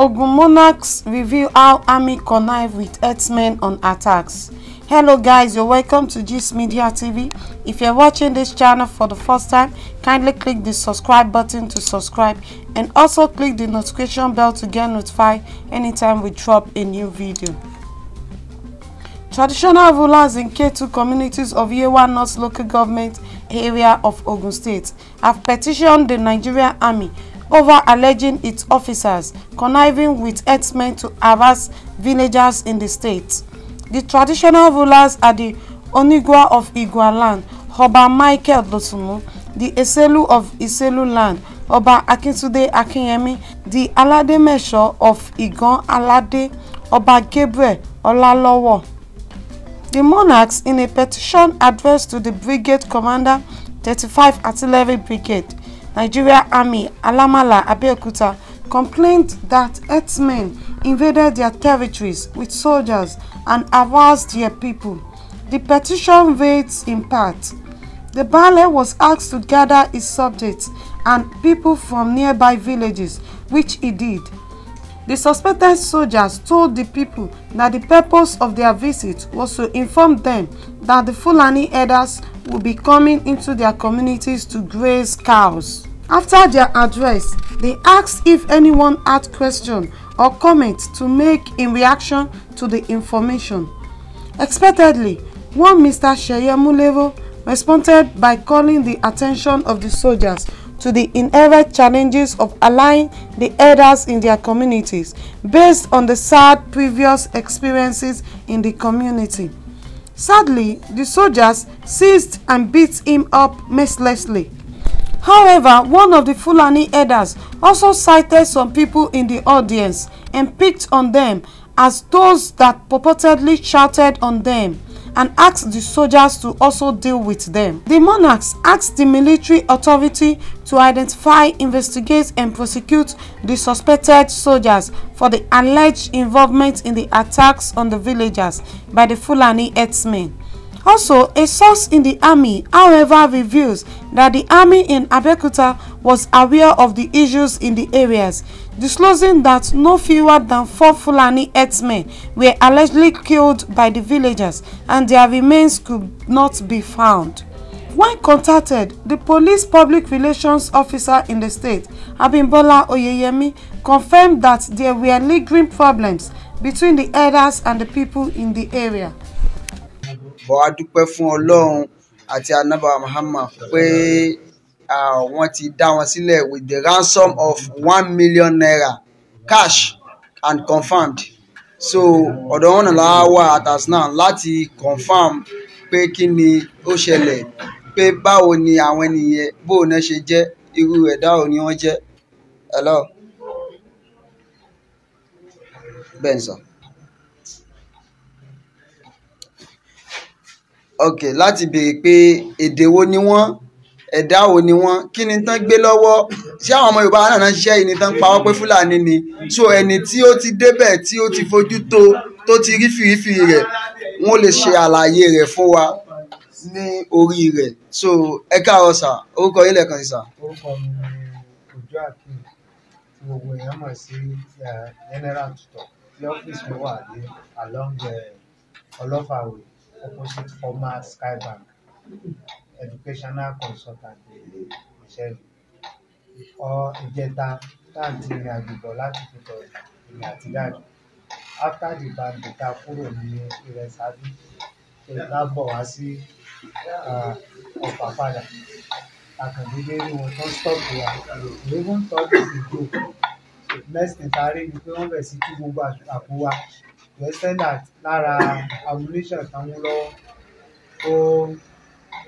Ogun Monarchs reveal how army connive with ex-men on attacks. Hello guys, you're welcome to this Media TV. If you're watching this channel for the first time, kindly click the subscribe button to subscribe and also click the notification bell to get notified anytime we drop a new video. Traditional rulers in K2 communities of Yewa North local government area of Ogun State have petitioned the Nigerian army over alleging its officers conniving with herdsmen to harass villagers in the state. The traditional rulers are the Onigua of Igua land, Oba Michael Dotunu, the Eselu of Iselu land, Oba Akintude Akinyemi, the Alade Mesho of Igan Alade, Oba Gabriel Olalowo. The monarchs, in a petition addressed to the brigade commander, 35 Artillery Brigade, Nigeria Army Alamala Abeokuta complained that herdsmen invaded their territories with soldiers and harassed their people. The petition reads in part, the Baale was asked to gather his subjects and people from nearby villages, which he did. The suspected soldiers told the people that the purpose of their visit was to inform them that the Fulani herders would be coming into their communities to graze cows. After their address, they asked if anyone had question or comment to make in reaction to the information. Expectedly, one Mr. Sheyemulevo responded by calling the attention of the soldiers to the inherent challenges of allying the elders in their communities based on the sad previous experiences in the community. Sadly, the soldiers seized and beat him up mercilessly. However, one of the Fulani elders also cited some people in the audience and picked on them as those that purportedly shouted on them and asked the soldiers to also deal with them. The monarchs asked the military authority to identify, investigate and prosecute the suspected soldiers for the alleged involvement in the attacks on the villagers by the Fulani herdsmen. Also, a source in the army, however, reveals that the army in Abeokuta was aware of the issues in the areas, disclosing that no fewer than four Fulani herdsmen were allegedly killed by the villagers and their remains could not be found. When contacted, the police public relations officer in the state, Abimbola Oyeyemi, confirmed that there were lingering problems between the elders and the people in the area bọ̀ a dúpẹ́ fún ọlọ́run àti anábà Muhammad pé wọ́n ti dá wọn sílẹ̀ with the ransom of one million naira cash and confirmed so ọ̀dọ̀ wọn náà la wà atas náà láti confirm pé kí ni ó ṣẹlẹ̀ pé báwo ni àwọn ènìyàn bóun náà ṣe jẹ́ irú ẹ̀dá ò ní jẹ́ hello. Benson. ok láti béèrè pé èdè wo ni wọ́n ẹ̀dá wo ni wọ́n kí ni tán gbé lọ́wọ́ ṣé àwọn ọmọ Yorùbá náà ṣiṣẹ́ yìí ni tán pa wọ́n pé Fúlàní ni so ẹni tí ó ti débẹ̀ tí ó ti fojú tó tó ti rífìrífì rẹ̀ wọ́n lè ṣe àlàyé rẹ̀ fún wa ní orí rẹ̀ so ẹ káàárọ̀ sà orúkọ yín lẹ́ẹ̀kan sí sà. orúkọ mi ni ojú àkìn gbogbo èèyàn mọ̀ sí eh, general tutor tí ọ́fíìsì mi wà ní along eh, ọlọ́fàwé opposite former Skybank educational consultant ìṣẹ́yìn ọ ìjẹta táǹtì ìrìn àjò bọ̀ láti fìtọ̀ ìrìn àti dáàdì after the bandit ta kúrò ní ìrẹsàbí tó lábọ̀ wá sí ọ̀pá padà àkàndéédé rí wọn tó ń stọ́ọ̀pù wa even stọ́ọ̀pù ìjò next thing ta rí ni pé wọ́n bẹ̀ sí kí gbogbo àpò wa requested that lára ammunition tán mú lọ́wọ́ ó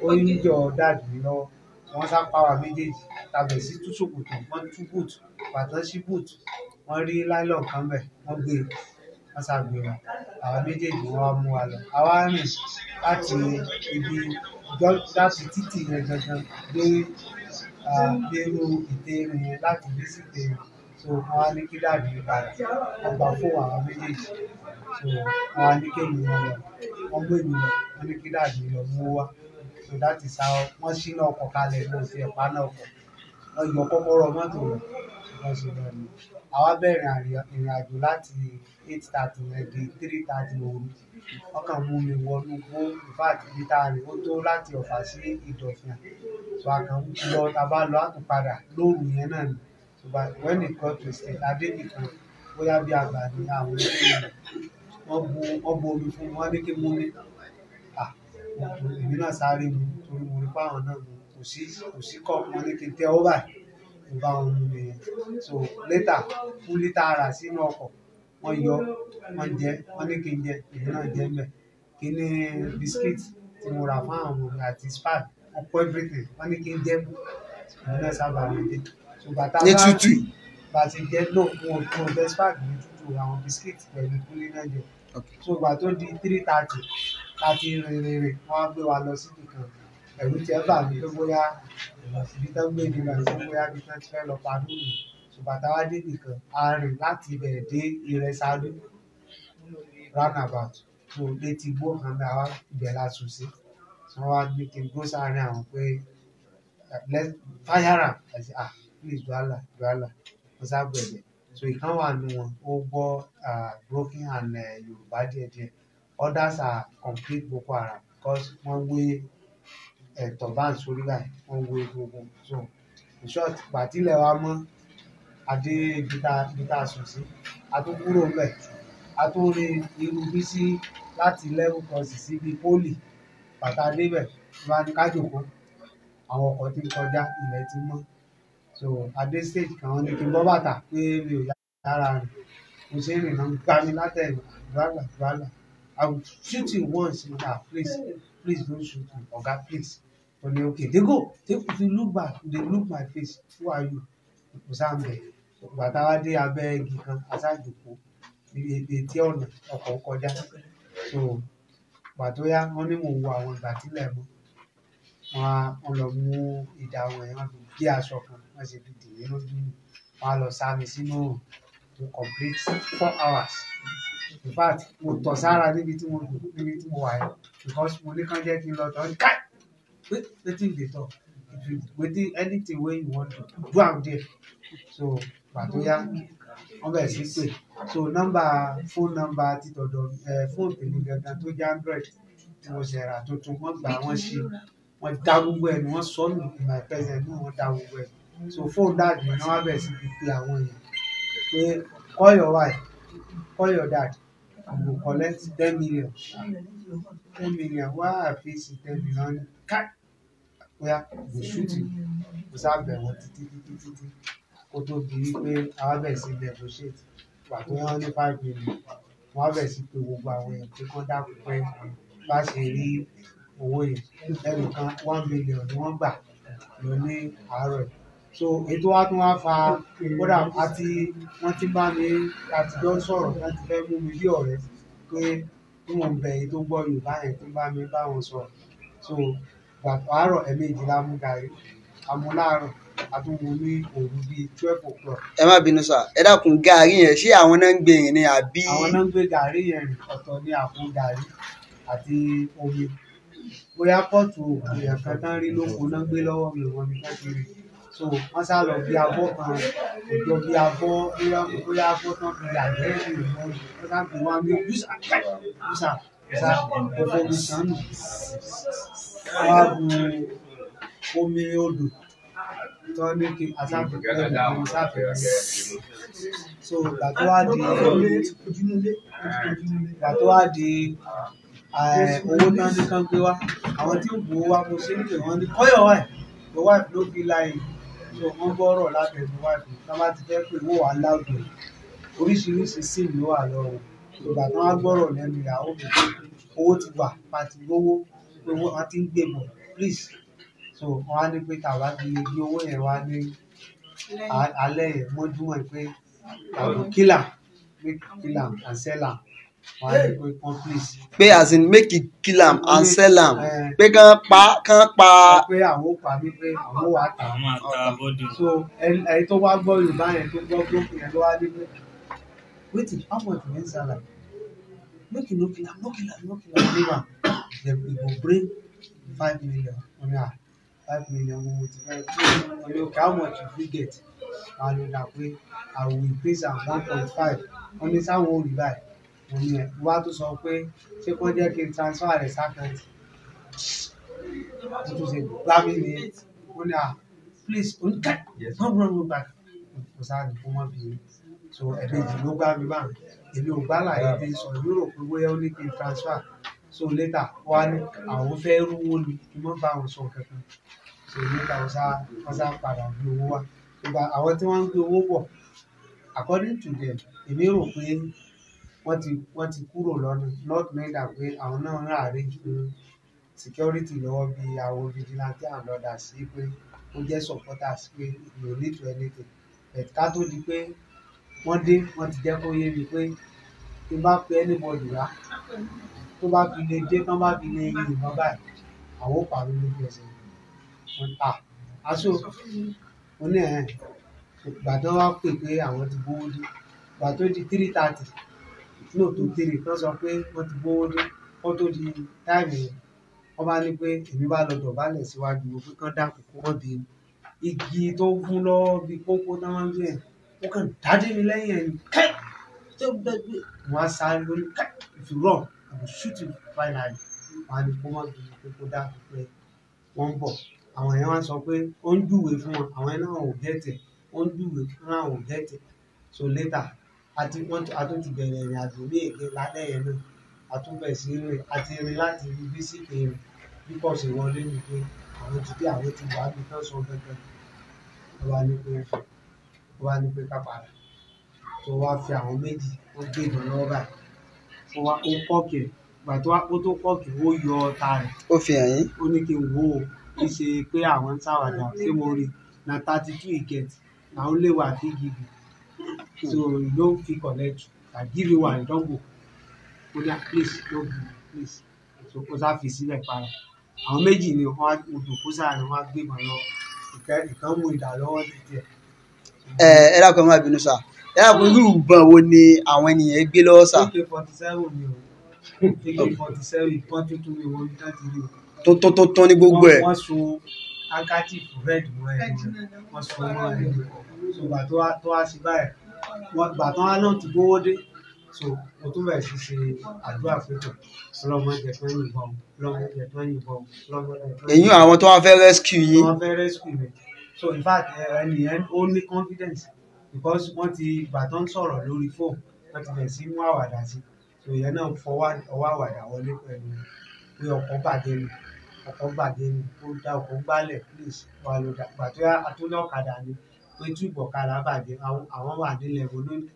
ó níjọ dáàdì mi lọ́wọ́ wọ́n sá pàwà méjèèjì tàbẹ̀ sí tú ṣòkòtò wọ́n tú boot bàtán sí boot wọ́n rí nylon kan bẹ̀ wọ́n gbé e, wọ́n sá gbé e wa àwa méjèèjì wọ́n wá mú wa lọ àwa rìn láti ibi láti títì yẹn gangan dé dérú ìtẹ́rù yẹn láti dé sí ìtẹ́rù so wọn á ní kí dáàbì padà wọn gbà fún àwọn méjèèjì so wọn á ní kéèmí wọn lọ wọn gbé mi lọ wọn ní kí dáàbì lọ mú wá so that is how wọn ṣí náà ọkọ̀ kalẹ̀ ló ti ẹ̀pá náà kọ̀ wọn yọ kọ́kọ́rọ́ mọ́tò lọ ṣùgbọ́n ṣe lọ ni àwa bẹ̀rẹ̀ ìrìn àjò láti eight thirty yẹn eh, di three thirty òru wọn kàn mú mi wọnú gbó ìfáàtì níta rẹ̀ ó tó láti ọ̀fà sí ìdọ̀fìn so àkànwú lọ tá a bá lọ àtúpadà lóòrù yẹn náà ni ṣùgbọ́n when it got to state adénìkan bóyá bí àgbà ni àwọn ẹgbẹ́ wọn bu wọn bu omi fún mi wọn ní kí mú mi à èmi náà sáré mu torí mo rí páwọn náà mu kò sí kò sí kọ́ wọn ní kí n tẹ ó báyìí mo bá wọn mu nìyẹn so later fún lítà ara sínú ọkọ̀ wọ́n yọ wọ́n jẹ wọ́n ní kí n jẹ èmi náà jẹ mẹ́ kí ní biscuit tí mo rà fún àwọn ọmọ mi àti spag ọkọ̀ everything wọ́n ní kí n jẹ èmi náà sábà mi dé ní tútù. bàtí jẹ ló mo mo best bag ní tútù àwọn bisikíìtì pẹ̀lú kúlí náà jẹ so ìgbà tó di three thirty láti rìnrìn rìn wọn á gbé wa lọ sí nìkan ẹ̀rù tiẹ̀ bà mí pé bóyá ibi tán gbé mi lọ sí bóyá ibi tán ti fẹ́ lọ pa mí nìyẹn ṣùgbọ́n táwa dé nìkan a rìn láti ibẹ̀ dé ìrẹsàlú roundabout so létí igbó kan bẹ́ẹ̀ àwa ibẹ̀ la sùn sí wọ́n wá ní kí n gbó sáárín àwọn pé fáyàrà àti ah please dwala dwala ọ̀sàgbẹ̀dẹ̀ so ìkan wà nù wọn ó gbọ́ broken and uh, yorùbá díẹ̀díẹ̀ others are complete boko haram because wọ́n wé ẹ̀tọ́ báǹ sórí báyìí wọ́n wé gbogbo so in short gbàtílẹ̀ wa mọ́ adé bíta sùn sí a tún kúrò ńbẹ̀ a tún rí irú bí sí láti level cross síbi pólì bàtà débẹ̀ ìbánikájòkó àwọn ọkọ̀ tí ń kọjá ilẹ̀ ti mọ́ so at this stage kan ní kí n bọ́ bàtà pé mi ò yára rìn mo ṣe ń rìn náà gbá mi látẹ̀yìn àdúrà àdúrà I will shoot you once in that ah, place please don't shoot me oga please o ní okay dey go take if you look back dey look my face who are you kò sáà mẹ bàtà wa dé abẹ́ igi kan aṣáájòkó etí ọ̀nà ọkọ̀ kọjá so pàtó yá wọn ní mò ń wo àwọn ìgbà tí ilẹ̀ mọ́ wọ́n lọ mú ìdá wọn yẹn wọ́n fi gé aṣọ kan wọ́n sì fi dìé lójú mi á lọ sá sínú òòrùn to complete four hours in fact mo tọ̀ sára níbi tí mo níbi tí mo wà yẹn because mo ní kán jẹ́ kí n lọ tọ̀ ká wetin dey talk if you wetin anything wey you wan do do am there so pàtó yá wọ́n bẹ̀rẹ̀ sí pè so number, phone number ti tọ̀dọ̀ eh, phone tèmi gangan tó jẹ́ android tí mo ṣe tuntun wọ́n gbà wọ́n ṣe wọ́n da gbogbo ẹ̀ nù wọ́n sọ nù ìgbà ìpẹ́sẹ̀ nù wọ́n da gbogbo ẹ̀ so fóònù dáàdì ni wọ́n bẹ̀rẹ̀ sí fi pe àwọn èèyàn pé call your wife call your dad I go collect ten million ten million I pay àfíìsì ten million ní ká bóyá kò ṣúùtì kò sábẹ̀wò títí títí títí kó tó di wípé àwọn bẹ̀rẹ̀ sí negotiate wà tó ní five million wọ́n bẹ̀rẹ̀ sí pé gbogbo àwọn èèyàn pé kán dákun pé bá ṣe rí owó yìí ẹnìkan one million ni wọ́n gbà lọ ní àárọ̀ yìí so ètò wa tún wá fa kódà àti wọ́n ti bá mi àtijọ́ sọ̀rọ̀ láti fẹ́ mú mi bí ọ̀rẹ́ pé bí wọ́n bẹ̀ èyí tó gbọ́ Yorùbá yẹn tó bá mi bá wọn sọ̀rọ̀ so gbàgbárọ̀ ẹ̀mejì la mú gàrí amúláàrọ̀ àtúnwò ní òru bíi twelve o'clock. ẹ má bínú sá ẹ dákun gàrí yẹn ṣé àwọn náà ń gbé yẹn ni àbí. àwọn náà ń gbé gàrí yẹn ọ̀tọ̀ ni àpò gàrí àti omi bóyá pọ́ọ̀tù èèyàn kan tán rí ló kó náà gbé lọ́wọ́ mi wọn ni wọ́n so wọ́n sá lọ bí abọ́ kan ìjọ bí abọ́ bóyá bóyá abọ́ tán fi yàgbẹ́ ìrìn wọn wọ́n sá fi wá mi yúsà yúsà yúsà ọ̀fọ̀ mi sàn nù wọ́n bu omi odò tó ní kí asáfẹ́ ọ̀hún sáfẹ́ so ìgbà tó wá di ìgbà tó wá di. Eh, owó náà ní kan gbé wá àwọn tí ń bò wá mo ṣe ń pè wọ́n ní kọ́yọ̀ wáì the wife ló fi láàyè so wọ́n gbọ́rọ̀ lábẹ́ the wife tá bá ti fẹ́ pé wọ́n wà láàbò oríṣiríṣi sim ló wà lọ́wọ́ ìgbà tí wọ́n gbọ́rọ̀ lẹ́nu ìyàwó mi owó ti wà pàtì lówó pé wọ́n ti ń gbé bọ̀ please so wọ́n á ní pé tàwa ti lè gbé owó yẹn wá ní alẹ́ yẹn mọ́júmọ́ pé tàbí kílà make kílà and sell pé as in make e kill am and sell am eh. pé kán pa kán pa. pé àwọn ò pa mí pé àwọn ò wá tà á máa ta bọ́dọ̀. so ẹni tó wá gbọ́ yorùbá yẹn tó gbọ́ gbókùn yẹn ló wá dé pé wetin how much you wan sell am make you no kill am no kill am no kill am leave am dem e go bring five million omi ah five million owó ti fẹ́ omi ok how much you fit get and omi na pé i will increase am one point five omi sáwọn ò rí báyìí òun yẹn mo bá tún sọ pé ṣé kò jẹ́ kí n transfer rẹ̀ sákàtì mo tún ṣe gbá mi ní ó ní à ah, please ó ní ká no problem gbà kò sáà kó mọ́ bí so ẹ̀ẹ́dẹ́jì ló gbá mi báyìí èmi ò gbá láyé bí sọ yúrò pé bóyá ó ní kí n transfer so later wá ní àwọn fẹ́ rówó ni kí wọ́n bá àwọn sọ kankan so later wọ́n sá wọ́n sá padà gbé owó wá ìgbà àwọn tí wọ́n ń gbé owó bọ̀ according to them èmi rò pé wọ́n ti wọ́n ti kúrò lọ́nà north meda pé àwọn náà ń ràárẹ̀ fún security lọ́wọ́ bí àwọn vigilante and others sí pé ó jẹ́ supporters pé you need to anything but ká tó di pé wọ́n dé wọ́n ti jẹ́ kó yé mi pé tí bá pe anybody wá tó bá fi lè dé tán bá fi lè yin ìbọn báyìí àwọn ò pàrọ̀ lójú ẹsẹ̀ wọn ta aṣọ oní ẹ̀ gbàdán wá pè pé àwọn ti gbówó dé gbà di three thirty lò tó tèrè kan sọ pé wọ́n ti gbówó dé tó di táìmù yẹn wọ́n bá ní pé èmi bá lọ dọ̀bálẹ̀ síwájú o pé kán dákun kó wọ́n bínú igi tó gún lọ bí kókó náà máa ń gbé yẹn ó kàn dájú mi lẹ́yìn ẹ̀yìn kẹ́ tó bẹ́ẹ̀ gbé wọ́n á sáré lórí kẹ́ ìfìrọ̀ àwọn ṣútì fáìlàlì wọ́n á ní kó wọ́n bínú pé kó dákun pé wọ́n ń bọ̀ àwọn yẹn wá sọ pé ó ń júwèé fún wọn àwọn yẹn náà ò gẹ̀tẹ̀ ó ń júwèé fún àwọn ò gẹ̀tẹ̀ so later àti wọ́n àtúntì bẹ̀rẹ̀ ìrìn àjò ní èké lálẹ́ yẹn náà àtúbẹ̀ sí rìn àti rìn láti rí bísíkì rìn bí pọ̀ sí wọlé ni pé àwọn ti dé àwọn ti wà á bí tán sọ gangan wọ́n wá ní pé wọ́n wá ní pé kápára tó wá fi àwọn méjì wọ́n gbé ìbọn lọ́wọ́ báyìí wọ́n wá ó kọ́ọ̀kì ìgbà tó wá ó tó kọ́ọ̀kì ó yọ ọta rẹ̀ ó fi hàn yín ó ní kí n wò ó kí ṣe pé àwọn ń ṣàwàdà ṣé mo rí na thirty two ìkẹtì làwọn lè kí gidi so ló fi collect. I give you one double ó dá please ló bù please so kó sá fi sílẹ̀ para àwọn méjì ni wọ́n á odò kó sáà ni wọ́n á gbé ìmọ̀ lọ ìkan mú ìdá lọ́wọ́ títí ẹ̀. ẹ ẹ dákun ẹ má bínú sá ẹ dákun irú ìbọn wo ni àwọn ènìyàn gbé lọ́wọ́ sá. ak forty seven ni o ak forty seven pọ́n tuntun ni wọ́n dájú rí o. tó tó tó tán ní gbogbo ẹ̀. wọ́n so handkerchief red mọ́ ẹ̀ wọ́n so mọ́ ẹ̀ nígbà tó wá sí báyìí wọn gbà tán á náà ti gbówó dé so mo tún bẹ̀rẹ̀ sí ṣe àdúrà pẹ̀tọ̀ ọlọ́mọ ẹ̀jẹ̀ tó ń yìnbọn ọlọ́mọ ẹ̀jẹ̀ tó ń yìnbọn ọlọ́mọ ẹ̀jẹ̀ tó ń yìnbọn. èyí àwọn tó wá fẹ́ rescue yín. wọ́n fẹ́ rescue mi so in fact ẹni yẹn ó ní confidence because wọ́n ti gbà tán sọ̀rọ̀ lórí fóònù wọ́n ti bẹ̀rẹ̀ sí mú àwàdà sí so ìyẹn náà fọwọ́ ọwọ́ àwàdà wọlé pẹ̀lú pé ọkọ̀ bàjẹ́ mi ọkọ̀ bàjẹ́ mi ó dá ọkọ̀ gbálẹ̀ please wà lọ́dà gbàtọ́ àtúnlọ́kadà ni pé bọ̀ kára bàjẹ́ àwọn wà ní level lónìí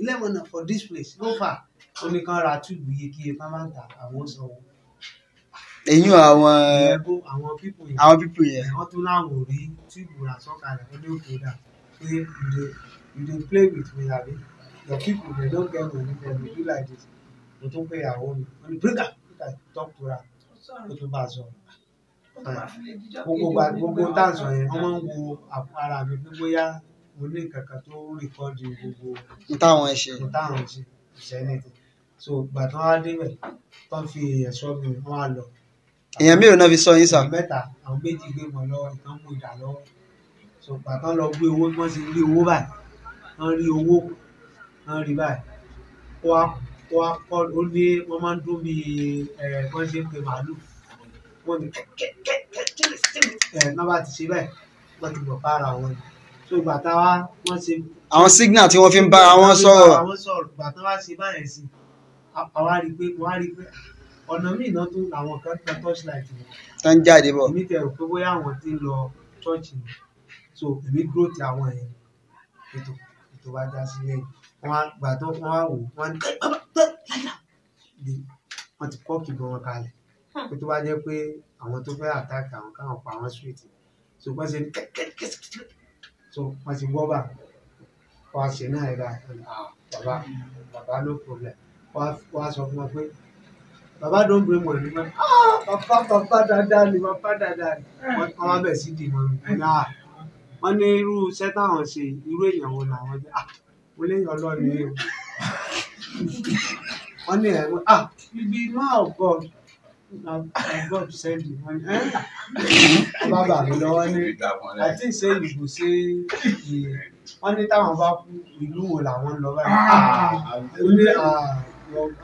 eleven na for this place ló far. ó ní kán ra túbù yìí kí epa máa ń tà àwọn sọ àwọn àwọn pípò yẹn àwọn pípò láwọn ò rí túbù rà sọ́kàlẹ̀ ó ní òkè dà pé you dey you dey play with me abi your people dey don get money from you do like this mo tún pé ìyàwó mi ó ní break am break am talk to her ó tún bá a sọ̀rọ̀ gbogbo gbogbo táǹsọ yẹn wọ́n máa ń wo ara mi pé bóyá mo ní nǹkan kan tó rìkọ́dì gbogbo ntáwọn ẹ ṣe ntáwọn ṣe ìṣẹ́ni so ìgbà tí wọ́n á débẹ̀ tó ń fi èèyàn sọ mi wọ́n á lọ. èèyàn mélòó náà fi sọ yín sà. mẹ́ta àwọn méjì gbé mọ́ lọ ìkan mú ìdá lọ́wọ́ so ìgbà tí wọ́n lọ gbé owó wọ́n ti rí owó báyìí wọ́n rí owó wọ́n rí báyìí wọ́n á kọ́ ó ní wọ́n máa ń dún bí wọ́n ṣe ń pe màálù wọ́n ti bá ti ṣe bẹ́ẹ̀ wọ́n ti bọ̀ bára wọn so bàtà wa wọ́n ṣe. àwọn signal tí wọ́n fi ń bára wọn sọ̀rọ̀. àwọn sọ̀rọ̀ bàtà wa ṣe báyẹn sí àwa rí i pé wọ́n á rí i pé ọ̀nà míì náà tún àwọn kan tẹ torchlight wọn. tán jáde bọ̀. èmi tẹ̀rù pé bóyá àwọn ti ń lọ ṣọ́ọ̀ṣì ni so èmi dúró ti àwọn yẹn ètò ètò bá já sí lẹ́yìn wọ́n á gbà tó ti kọ́ọ̀kì gan kalẹ̀ pé tó bá jẹ́ pé àwọn tó fẹ́ àtàkì àwọn káwọn pa àwọn street so wọ́n ṣe kẹ́kẹ́kẹ́kẹ́ so wọ́n ti gbọ́ bà wọ́n ṣe náà ẹ̀dá ah, bàbá bàbá no problem wọ́n sọ fún wọn pé bàbá don bring money mọ́ ah, bàbá bàbá dáadáa ni bàbá dáadáa ni wọ́n wá bẹ̀ sí dìmọ̀ mi náà ah. wọ́n ní irú iṣẹ́ táwọn ṣe irú èèyàn wo làwọn jẹ́ ah mo lè yàn lọ́ọ̀ wọ́n ní ẹ̀rọ ah you be man God send the money. Eh? Bàbá mi lọ́wọ́ ní àti ìṣe ìbò ṣe wọ́n ní táwọn bá kú ìlú wo làwọn lọ báyìí. Ó ní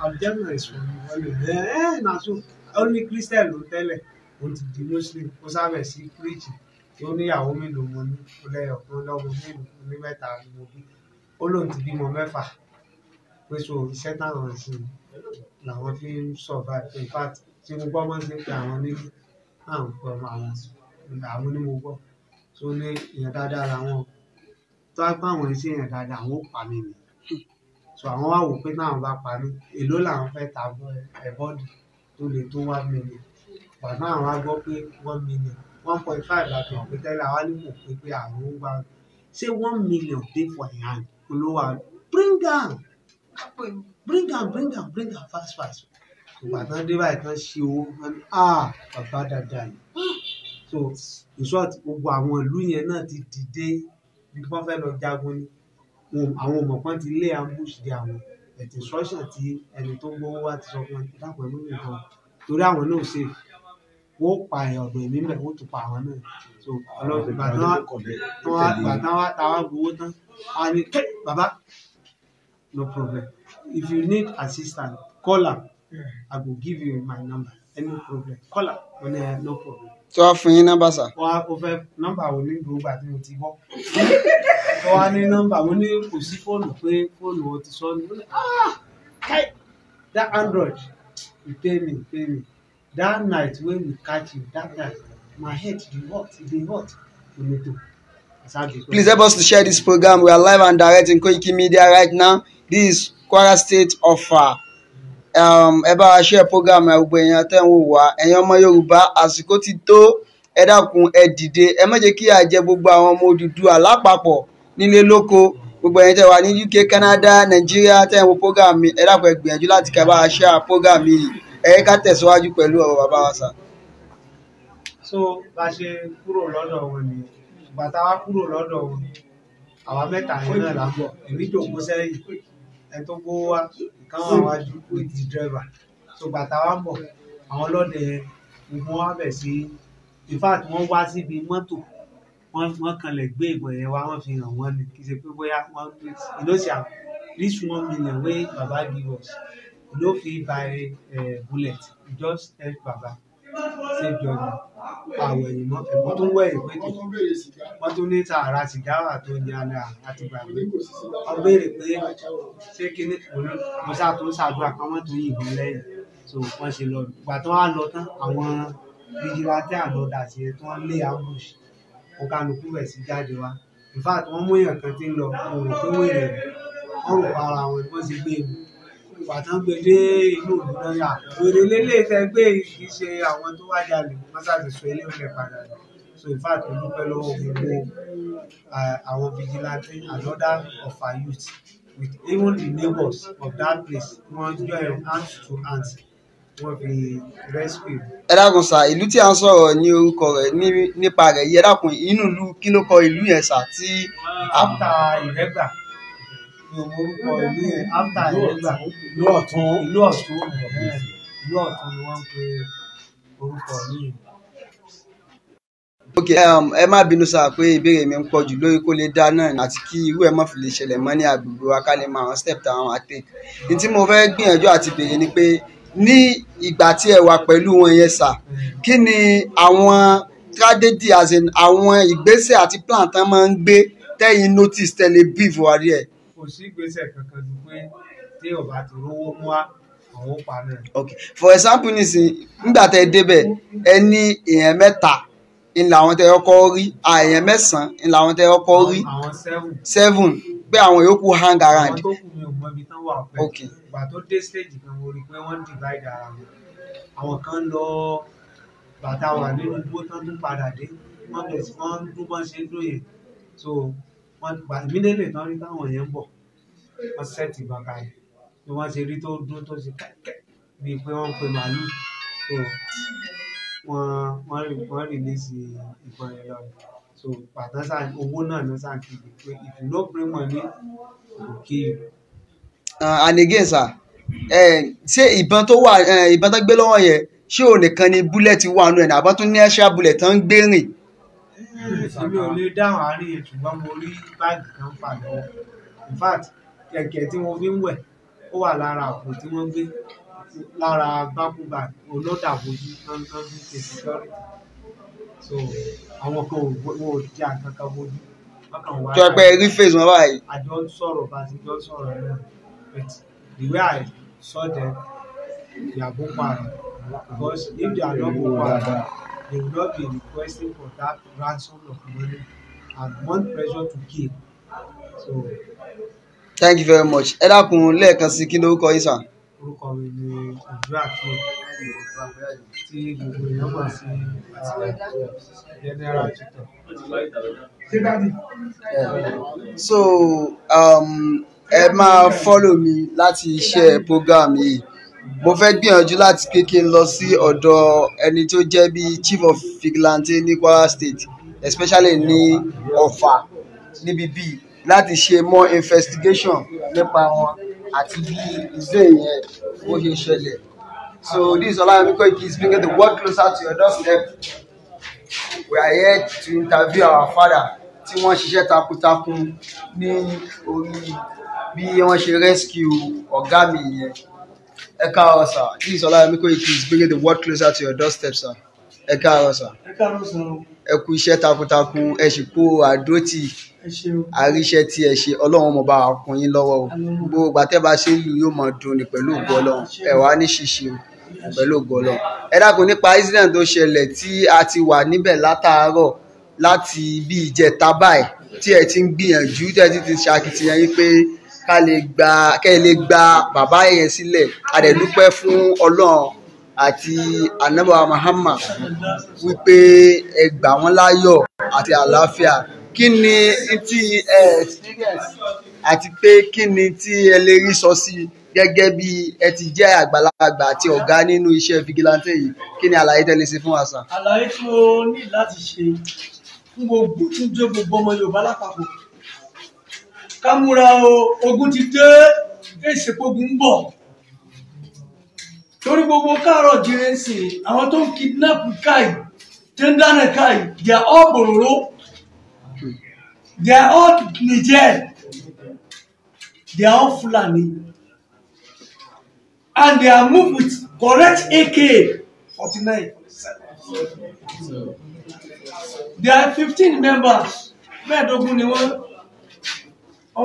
àbíjẹ́mọ̀ ìṣòro wọlé ẹ̀ẹ́ nàṣó ó ní Christian ló tẹ́lẹ̀ ó ti di Muslim ó sábẹ̀ sí kíríkì ó níyàwó mélòó mo ní ó lẹ́yọ̀ kan lọ́wọ́ mélòó ní mẹ́ta ni mo bí ó lóun ti bímọ mẹ́fà pé so iṣẹ́ táwọn ń sìn làwọn fi survive in fact tí mo gbọ́ máa ń pé àwọn ní ah, àwọn pọ̀ àwọn àwọn ní mo gbọ́ tó ní èèyàn dáadáa làwọn tó á pé àwọn iṣẹ́ èèyàn dáadáa àwọn ò pa mí ni so àwọn wá wò pé táwọn bá pa mí èló làwọn fẹ́ ta ẹ̀bọ́dì tó lè tó wá mí ni bàbá àwọn á gbọ́ pé one million one point five láti hàn pé tẹ́lẹ̀ àwa ní pé pé àwọn ń gbà say one million dey for your hand olówó bring am bring am bring am bring am fast fast ìgbà tán dé báyìí tán ṣe owó wọn ni ah bàbá dada yìí so in short gbogbo àwọn ìlú yẹn náà ti dìde bí wọ́n fẹ́ lọ jagun ni àwọn ọmọkan ti lé ambush dé àwọn ẹ̀tì instruction ti ẹni tó gbowó wá ti sọ fún ẹni dápò ẹ̀mú nìkan torí àwọn náà ṣe wọ́n pa ẹ̀ ọ̀dọ̀ èmi mẹ́ wọ́n tún pa àwọn náà so ọlọ́run ìgbà tán wá tán wá táwa gbowó tán a ní bàbá no problem if you need assistance call am I will give you my number. Any problem? Kọ́là mo ní no problem. Tí wàá fún yín nọ́mbà sà. Wọ́n á fẹ́ nọ́mbà wo ní gbogbo àti mo ti bọ́. Wọ́n á number. We need to see phone, phone, phone. What is ti Ah, hey, That Android, you pay me, pay me. That night when we catch you, that night, my head dey hot, e We need to. Please help us to share this program. We are live and direct in Koiki Media right now. This is Kwara State Offer. Uh, Um, ẹ bá wa share program ẹ gbogbo èèyàn tẹ́ ń wò wá ẹ̀yin ọmọ Yorùbá àsìkò ti tó ẹ dákun ẹ dìde ẹ má jẹ́ kí a jẹ gbogbo àwọn ọmọ Odùduwà lápapọ̀ nílé lóko gbogbo ẹ̀yin tẹ́ wà ní UK Canada Nàìjíríà tẹ́ ń wo program mi ẹ dákun ẹ gbìyànjú láti ká bá wa share program yìí ẹ ká tẹ̀síwájú pẹ̀lú ọ̀rọ̀ bàbá wa sà. so bá a ṣe kúrò lọ́dọ̀ wọn nìyẹn ìgbà tá a wá kúrò lọ́dọ̀ wọn àwa mẹ́ta yẹn náà là èmi tó kó sẹ́yìn ẹni tó gbówó wá nǹkan wà wájú with the driver so bàtà wa ń bọ̀ àwọn ọlọ́dẹ gbogbo wọn bẹ̀ sí in fact wọ́n wá síbi mọ́tò wọ́n kanlẹ̀ gbé ìbọn yẹn wá wọ́n fi hàn wọ́n ni kì í ṣe pé bóyá wọ́n do it you this one million wey baba give us you no fit buy eh, bullet just help baba síjọ àwẹ̀ ìmọ̀ ẹ̀mọ́ tó wẹ̀ ìpètè wọ́n tún ní tààrà sìgáwà tó ní alẹ́ àti gbàgbé wọ́n béèrè pé ṣé kí ní òun mo sá tó ń ṣàdúrà kan mọ́ tó yìnbọn lẹ́yìn tó wọ́n ṣe lọ ìgbà tó wá lọ tán àwọn vigilante àlọ́dà sí ẹ̀ tó wọ́n lé ambush òkàlùkù rẹ̀ sí jáde wá in wọ́n mú èèyàn kan tí ń lọ òun rò pé wọ́n èèyàn wọ́n wọn bí wọ́n ṣe gbé e ìbátan inú ìlú náà wèrè lélẹ̀ tẹ gbé ṣe àwọn tó wá jalè wọ́n sọ ilé oúnjẹ padà so in fact mo dúpẹ́ lọ́wọ́ gbogbo àwọn vigilante and other of our youth with even the neighbors of that place wọ́n join hand to hand wọ́n fi rescue. ẹ dákun sá ìlú tí a ń sọ̀rọ̀ ní orúkọ rẹ̀ nípa rẹ̀ yẹ dákun inú ìlú kí ló kọ ìlú yẹn sá tí. wọ́n á ta orúkọ ìlú yẹn áfítà ìlúgbà ìlú ọ̀tún ìlú ọ̀tún ìlú ọ̀tún ni wọ́n ń pe orúkọ ìlú yẹn. ok um, ẹ má bínú sáà pé ìbéèrè mi ń pọ̀ jù lórí kó lè dá náà àti kí irú ẹ̀ má fi lè ṣẹlẹ̀ mọ́ ní agbègbè wa ká lè mọ àwọn step táwọn á take ní tí mo fẹ́ gbìyànjú àti béèrè ni pé ní ìgbà tí ẹ wà pẹ̀lú wọn yẹn sà kí ni àwọn tragedy as in àwọn ìgbésẹ̀ àti plan tán máa ń gbé tẹ́yìn notice tẹ́lẹ̀ brief wárí ẹ̀ kò sí ìgbésẹ̀ kankan ju pé tí ó bá ti rówó mú wá àwọn ó pa náà. ok for example nísìnyí nígbà tẹ débẹ̀ ẹ ní èèyàn mẹ́ta ń làwọn tẹ kọ́kọ́ rí èèyàn mẹ́sàn ń làwọn tẹ kọ́kọ́ rí seven pé àwọn yòókù hang around. àwọn tó kù mi ò mọ ibi tán wà pẹ́ ìgbà tó dé stage kan mo rí i pé wọ́n divide ara wọn àwọn kan lọ bàtà wà nínú igbó tán tún padà dé wọ́n bẹ̀rẹ̀ sí wọ́n dún ṣe ń dún so wọ́n gbà ìmídélè tán rí táwọn yẹn ń bọ̀ wọ́n sẹ́ẹ̀tì bàkà yìí ni wọ́n ti rí tó dún tó ti kẹ́kẹ́ bíi pé wọ́n pe màálù so wọ́n wọ́n rí wọ́n rìlíìsì ìbọn yẹn lọ so pàtó sáà owó náà ló sáà kiri pé if you no bring money you go ah, and again sir ṣé ìbọn tó wà ìbọn tó gbé lọ́wọ́ yẹn ṣé òun nìkan ni búlẹ̀tì wà nù ẹ̀ náà àbá tún ní ẹ̀ṣẹ̀ bullet tán ń gbé rìn èmi ò lè dáhùn àárín yẹn ṣùgbọ́n mo rí báàgì kan fà lọ́wọ́ in kẹ̀kẹ́ tí mo fi ń wẹ̀ ó wà lára àpò tí wọ́n gbé lára bákúbà olódàbòjú kankan bí ṣe security so àwọn kan ò wọ́n jẹ́ àkankan bójú wọ́n wá. àjọ sọ̀rọ̀ bá jọ sọ̀rọ̀ náà but the way I saw them they are boko because if they are not boko they will not be requesting for that ransom of money and want pressure to give. So, Thank you very much. Ẹ dákun lẹ́ẹ̀kan sí kí lórúkọ yín sà. Orúkọ mi ni Ìjọ Àkíyè tí gbogbo èèyàn mọ̀ sí uh, General Tutor. So, um, ẹ máa follow mi láti share program yìí. Mo fẹ́ gbìyànjú láti pé kí n lọ sí ọ̀dọ̀ ẹni tó jẹ́ bí chief of vigilante ní Kwara State especially ní Ọ̀ffà níbi bí láti ṣe more investigation nípa wọn àti bí ìdí yẹn bó ṣe ṣẹlẹ̀. So this is Olayemi Koiki is bringing the world closer to your doorstep. We are here to interview our father tí wọ́n ṣiṣẹ́ takuntakun ní orí bí wọ́n ṣe rescue ọ̀gá mi yẹn. Ẹ káàárọ̀ sà, this is Ọláyẹmí Koiki is bringing the world closer to your doorstep sà. Ẹ káàárọ̀ sà. Ẹ káàárọ̀ sà. Ẹ kú iṣẹ́ takuntakun, ẹ sì kú àdótì. Àríṣẹ́ tí ẹ ṣe Ọlọ́run mọ̀ bá kún yín lọ́wọ́ o. Gbogbo ìgbà tẹ́ bá ṣe ń lu yóò máa dùn ní pẹ̀lú ògo Ọlọ́run. Ẹ wá ní ṣìṣe o pẹ̀lú ògo Ọlọ́run. Ẹ dákun nípa incident tó ṣẹlẹ̀ tí a ti wà níbẹ̀ látàárọ̀ láti bí ìjẹta báyìí tí ẹ ti ń gbìyànjú tí ẹ ti ti ṣàkìtìyàn yín pé ká lè gba kẹ́ ẹ lè gba bàbá yẹn sílẹ̀ a dẹ̀ dúpẹ́ fún ọlọ́run àti anabawa Muhammad wípé ẹ gbà wọ́n láyọ̀ àti àlàáfíà kí ni tí ẹ experience àti pé kí ni tí ẹ lè rí sọ sí gẹ́gẹ́ bí ẹ ti jẹ́ àgbàlagbà àti ọ̀gá nínú iṣẹ́ fìgìláńtẹ̀ yìí kí ni àlàyé tẹ́lẹ̀ ṣe fún wa sà. àlàyé tí mo ní láti ṣe fún gbogbo fún gbogbo ọmọ Yorùbá lápapọ̀ kámúra o ogun ti dé èsì ń bọ̀ torí gbogbo káàárọ̀ jire ń sìn àwọn tó ń kidnap káì tó ń dáná káì they are all bororo they are all Niger they are all Fulani and they are moved with correct AK forty nine they are fifteen members mẹ́ẹ̀ẹ́dógún ni wọ́n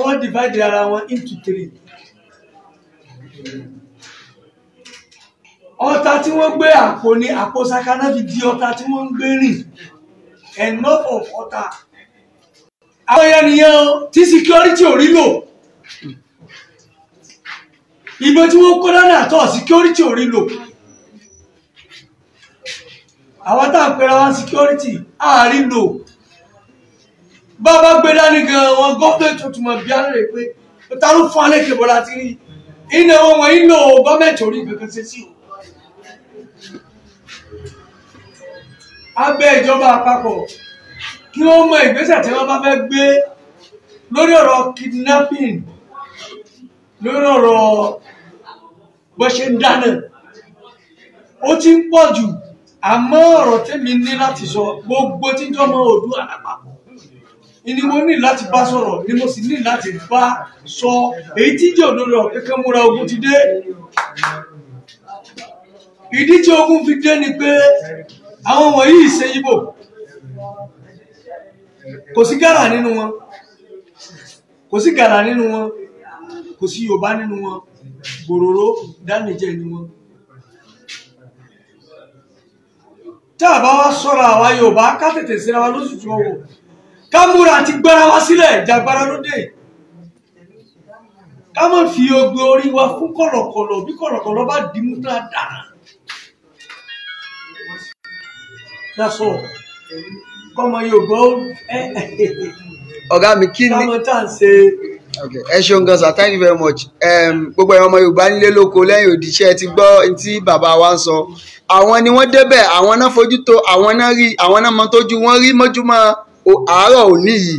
wọ́n divide ara wọn into three ọta tí wọ́n gbé àpò ni àpò sakana fi di ọta tí wọ́n ń gbé rìn enough of ọta àwọn ẹyẹ nìyẹn tí security ò rí lò ìbò tí wọ́n kó lọ́nà àtọ̀ security ò rí lò àwọn tá à ń pera wá security àárín lò bàbá gbé dání gan wọn gọ́ọ̀mẹ̀ntì tuntun mọ̀ bíi alẹ́ rẹ̀ pé ta ló fún alẹ́ kébọ̀ láti rí iná wọn wọn iná gọ́ọ̀mẹ̀ntì orí kankan ṣe sí o. abẹ́ ìjọba àpapọ̀ kí wọ́n mọ ìgbésẹ̀ tí wọ́n bá fẹ́ gbé lórí ọ̀rọ̀ kidnapping lórí ọ̀rọ̀ bó ṣe ń dáná ó ti ń pọ̀ jù àmọ́ ọ̀rọ̀ tẹ́mi ní láti sọ gbogbo tíjọ́ mọ́ òdú àdàpà ni mo ní láti bá sọ̀rọ̀ ni mo sì ní láti bá sọ èyí tí jẹ́ òdodo kékeré múra ogun ti dé ìdí tí ogun fi dé ni pé àwọn wọ̀nyí ìṣe ibo kò sí gàrà nínú wọn kò sí gàrà nínú wọn kò sí yorùbá nínú wọn gbòòrò dánìjẹ ni wọn. tá a bá wá sọ̀rọ̀ àwa yorùbá ká tètè síra wa lóṣù tí wọ́n wò kámúra àti gbára wa sílẹ̀ jàgbára lóde ká má fi ogbe orí wa fún kọ̀lọ̀kọ̀lọ̀ bí kọ̀lọ̀kọ̀lọ̀ bá dìímú dáadáa dasọ kọmọ yorùbá ẹ ẹ ọ̀gá mi kí ni kámọ tá à ń ṣe. ẹ ṣeun gan sir thank you very much gbogbo ẹ̀rọ ọmọ yorùbá nílé lóko lẹ́yìn òdì iṣẹ́ ti gbọ́ tí bàbá wa ń sọ àwọn ni wọ́n débẹ̀ àwọn náà fojú tó àwọn náà rí àwọn náà mọ tójú wọ́n rí mọ́júmọ́ àárọ̀ òní yìí